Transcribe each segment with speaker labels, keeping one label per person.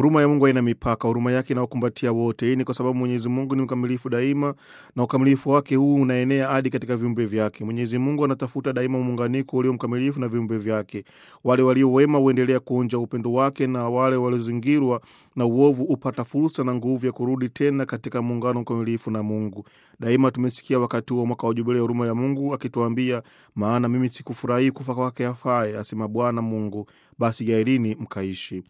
Speaker 1: Huruma ya Mungu haina mipaka, huruma yake inawakumbatia wote. Hii ni kwa sababu Mwenyezi Mungu ni mkamilifu daima, na ukamilifu wake huu unaenea hadi katika viumbe vyake. Mwenyezi Mungu anatafuta daima muunganiko ulio mkamilifu na viumbe vyake. Wale walio wema huendelea kuonja upendo wake, na wale waliozingirwa na uovu hupata fursa na nguvu ya kurudi tena katika muungano mkamilifu na Mungu. Daima tumesikia wakati huo mwaka wa jubilei huruma ya Mungu akituambia, maana mimi sikufurahii kufa kwake afaye, asema Bwana Mungu, basi jairini mkaishi.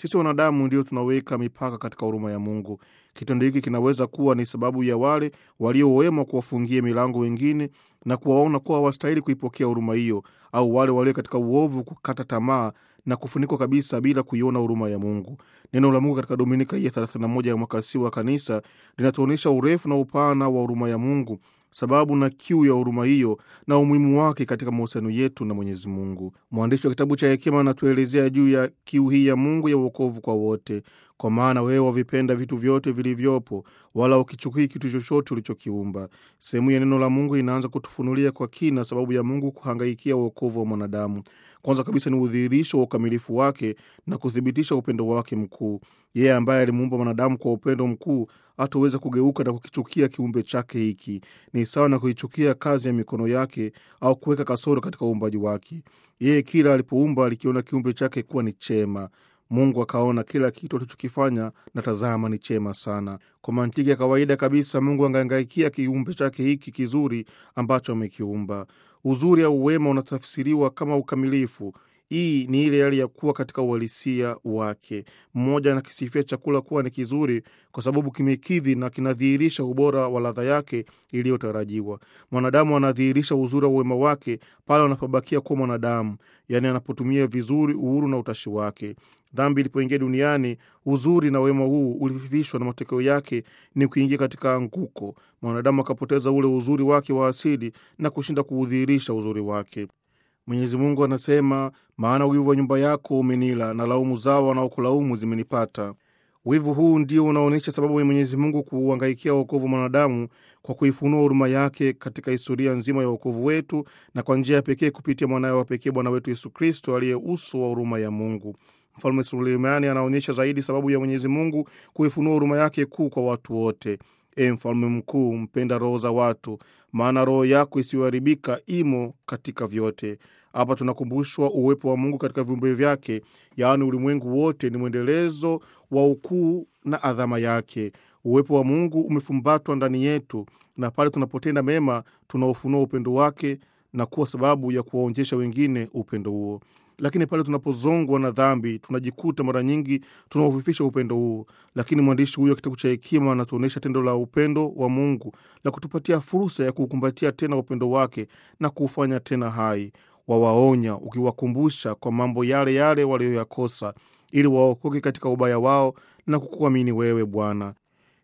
Speaker 1: Sisi wanadamu ndio tunaweka mipaka katika huruma ya Mungu. Kitendo hiki kinaweza kuwa ni sababu ya wale waliowema kuwafungia milango wengine na kuwaona kuwa hawastahili kuipokea huruma hiyo, au wale walio katika uovu kukata tamaa na kufunikwa kabisa bila kuiona huruma ya Mungu. Neno la Mungu katika Dominika hii ya 31 ya mwaka C wa kanisa linatuonyesha urefu na upana wa huruma ya Mungu sababu na kiu ya huruma hiyo na umuhimu wake katika mahusiano yetu na Mwenyezi Mungu. Mwandishi wa kitabu cha Hekima anatuelezea juu ya kiu hii ya Mungu ya uokovu kwa wote, kwa maana wewe wavipenda vitu vyote vilivyopo, wala ukichukii kitu chochote ulichokiumba. Sehemu ya neno la Mungu inaanza kutufunulia kwa kina sababu ya Mungu kuhangaikia uokovu wa mwanadamu. Kwanza kabisa ni udhihirisho wa ukamilifu wake na kuthibitisha upendo wake mkuu. Yeye ambaye alimuumba mwanadamu kwa upendo mkuu hatoweza kugeuka na kukichukia kiumbe chake hiki. Ni sawa na kuichukia kazi ya mikono yake au kuweka kasoro katika uumbaji wake. Yeye kila alipoumba alikiona kiumbe chake kuwa ni chema. Mungu akaona kila kitu alichokifanya na tazama, ni chema sana. Kwa mantiki ya kawaida kabisa, Mungu angaangaikia kiumbe chake hiki kizuri ambacho amekiumba. Uzuri au uwema unatafsiriwa kama ukamilifu, hii ni ile hali ya kuwa katika uhalisia wake. Mmoja anakisifia chakula kuwa ni kizuri kwa sababu kimekidhi na kinadhihirisha ubora wa ladha yake iliyotarajiwa. Mwanadamu anadhihirisha uzuri wa uwema wake pale anapobakia kuwa mwanadamu, yaani anapotumia vizuri uhuru na utashi wake. Dhambi ilipoingia duniani, uzuri na wema huu ulififishwa, na matokeo yake ni kuingia katika anguko. Mwanadamu akapoteza ule uzuri wake wa asili na kushinda kuudhihirisha uzuri wake. Mwenyezi Mungu anasema, maana wivu wa nyumba yako umenila na laumu zao wanaokulaumu zimenipata. Wivu huu ndio unaonyesha sababu ya Mwenyezi Mungu kuuangaikia wokovu wa mwanadamu kwa kuifunua huruma yake katika historia nzima ya uokovu wetu na kwa njia ya pekee kupitia mwanawe wa pekee Bwana wetu Yesu Kristo aliye uso wa huruma ya Mungu. Mfalme Suleimani anaonyesha zaidi sababu ya Mwenyezi Mungu kuifunua huruma yake kuu kwa watu wote e mfalme mkuu, mpenda roho za watu, maana roho yako isiyoharibika imo katika vyote. Hapa tunakumbushwa uwepo wa Mungu katika viumbe vyake, yaani ulimwengu wote ni mwendelezo wa ukuu na adhama yake. Uwepo wa Mungu umefumbatwa ndani yetu, na pale tunapotenda mema tunaofunua upendo wake na kuwa sababu ya kuwaonjesha wengine upendo huo lakini pale tunapozongwa na dhambi tunajikuta mara nyingi tunaofifisha upendo huo. Lakini mwandishi huyo wa kitabu cha Hekima anatuonyesha tendo la upendo wa Mungu la kutupatia fursa ya kuukumbatia tena upendo wake na kuufanya tena hai. Wawaonya ukiwakumbusha kwa mambo yale yale waliyoyakosa, ili waokoke katika ubaya wao na kukuamini wewe Bwana.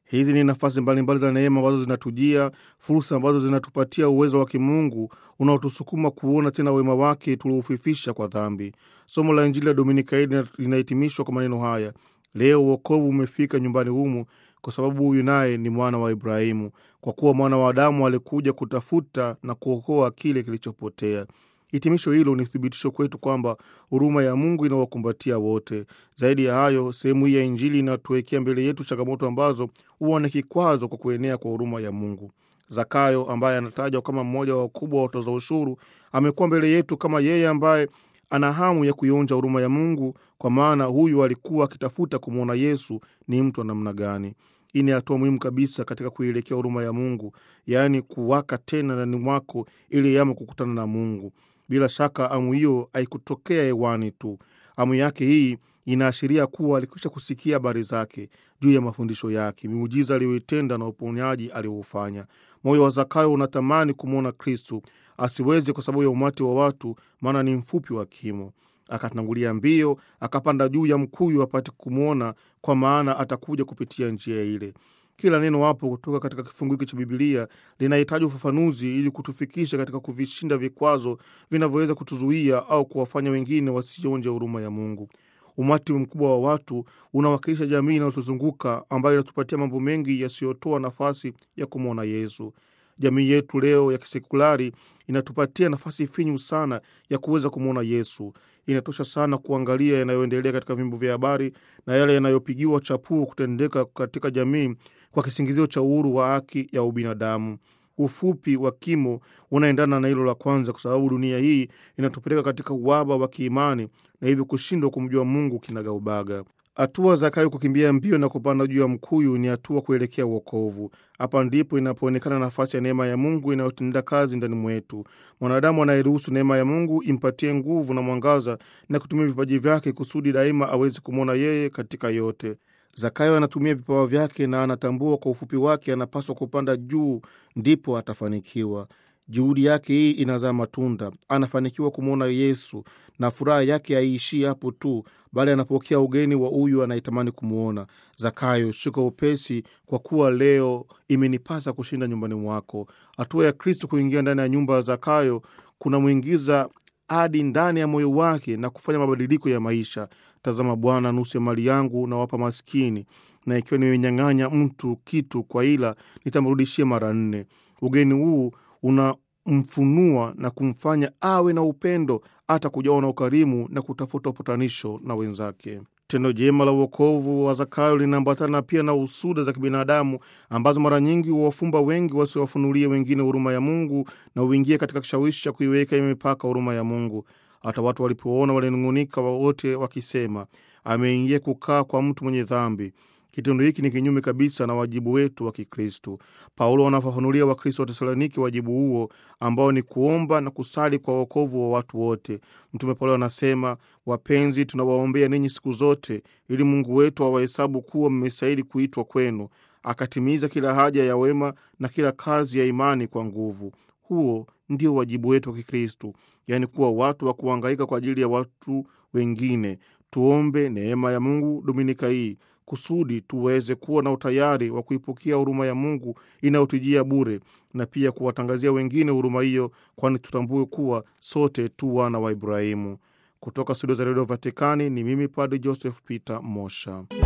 Speaker 1: Hizi ni nafasi mbalimbali za neema ambazo zinatujia, fursa ambazo zinatupatia uwezo wa kimungu unaotusukuma kuona tena wema wake tuliofifisha kwa dhambi. Somo la Injili ya Dominika hii linahitimishwa kwa maneno haya: leo uokovu umefika nyumbani humu, kwa sababu huyu naye ni mwana wa Ibrahimu, kwa kuwa mwana wa Adamu alikuja kutafuta na kuokoa kile kilichopotea. Hitimisho hilo ni thibitisho kwetu kwamba huruma ya Mungu inawakumbatia wote. Zaidi ya hayo, sehemu hii ya Injili inatuwekea mbele yetu changamoto ambazo huwa ni kikwazo kwa kuenea kwa huruma ya Mungu. Zakayo ambaye anatajwa kama mmoja wa wakubwa wa watoza ushuru amekuwa mbele yetu kama yeye ambaye ana hamu ya kuionja huruma ya Mungu, kwa maana huyu alikuwa akitafuta kumwona Yesu ni mtu wa namna gani. Hii ni hatua muhimu kabisa katika kuielekea huruma ya Mungu, yaani kuwaka tena ndani mwako ili yamo kukutana na Mungu. Bila shaka amu hiyo haikutokea hewani tu. Amu yake hii inaashiria kuwa alikwisha kusikia habari zake juu ya mafundisho yake, miujiza aliyoitenda na uponyaji aliyoufanya. Moyo wa Zakayo unatamani kumwona Kristu, asiwezi kwa sababu ya umati wa watu, maana ni mfupi wa kimo. Akatangulia mbio, akapanda juu ya mkuyu apate kumwona, kwa maana atakuja kupitia njia ile. Kila neno wapo kutoka katika kifungu hiki cha Bibilia linahitaji ufafanuzi ili kutufikisha katika kuvishinda vikwazo vinavyoweza kutuzuia au kuwafanya wengine wasionje huruma ya Mungu. Umati mkubwa wa watu unawakilisha jamii inayotuzunguka ambayo inatupatia mambo mengi yasiyotoa nafasi ya kumwona Yesu. Jamii yetu leo ya kisekulari inatupatia nafasi finyu sana ya kuweza kumwona Yesu. Inatosha sana kuangalia yanayoendelea katika vyombo vya habari na yale yanayopigiwa chapuo kutendeka katika jamii kwa kisingizio cha uhuru wa haki ya ubinadamu. Ufupi wa kimo unaendana na hilo la kwanza, kwa sababu dunia hii inatupeleka katika uwaba wa kiimani na hivyo kushindwa kumjua Mungu kinagaubaga. Hatua za Kayu kukimbia mbio na kupanda juu ya mkuyu ni hatua kuelekea uokovu. Hapa ndipo inapoonekana nafasi ya neema ya Mungu inayotenda kazi ndani mwetu. Mwanadamu anayeruhusu neema ya Mungu impatie nguvu na mwangaza na kutumia vipaji vyake kusudi daima aweze kumwona yeye katika yote. Zakayo anatumia vipawa vyake na anatambua kwa ufupi wake anapaswa kupanda juu, ndipo atafanikiwa. Juhudi yake hii inazaa matunda, anafanikiwa kumwona Yesu na furaha yake haiishii hapo tu, bali anapokea ugeni wa huyu anayetamani kumwona. Zakayo, shuka upesi, kwa kuwa leo imenipasa kushinda nyumbani mwako. Hatua ya Kristo kuingia ndani ya nyumba ya Zakayo kunamwingiza hadi ndani ya moyo wake na kufanya mabadiliko ya maisha. Tazama Bwana, nusu ya mali yangu nawapa maskini, na ikiwa nimenyang'anya mtu kitu kwa ila, nitamrudishia mara nne. Ugeni huu unamfunua na kumfanya awe na upendo, hata kujawa na ukarimu na kutafuta upatanisho na wenzake. Tendo jema la uokovu wa Zakayo linaambatana pia na usuda za kibinadamu ambazo mara nyingi huwafumba wengi wasiwafunulie wengine huruma ya Mungu na huingia katika kishawishi cha kuiweka mipaka huruma ya Mungu. Hata watu walipoona walinung'unika wote wakisema, ameingia kukaa kwa mtu mwenye dhambi. Kitendo hiki ni kinyume kabisa na wajibu wetu wa kikristu Paulo anafafanulia Wakristo wa Tesaloniki wajibu huo ambao ni kuomba na kusali kwa wokovu wa watu wote. Mtume Paulo anasema, wapenzi, tunawaombea ninyi siku zote, ili Mungu wetu awahesabu kuwa mmestahili kuitwa kwenu, akatimiza kila haja ya wema na kila kazi ya imani kwa nguvu. Huo ndio wajibu wetu wa kikristu yaani kuwa watu wa kuhangaika kwa ajili ya watu wengine. Tuombe neema ya Mungu Dominika hii kusudi tuweze kuwa na utayari wa kuipokea huruma ya Mungu inayotujia bure na pia kuwatangazia wengine huruma hiyo, kwani tutambue kuwa sote tu wana wa Ibrahimu. Kutoka studio za redio Vatikani ni mimi Padre Joseph Peter Mosha.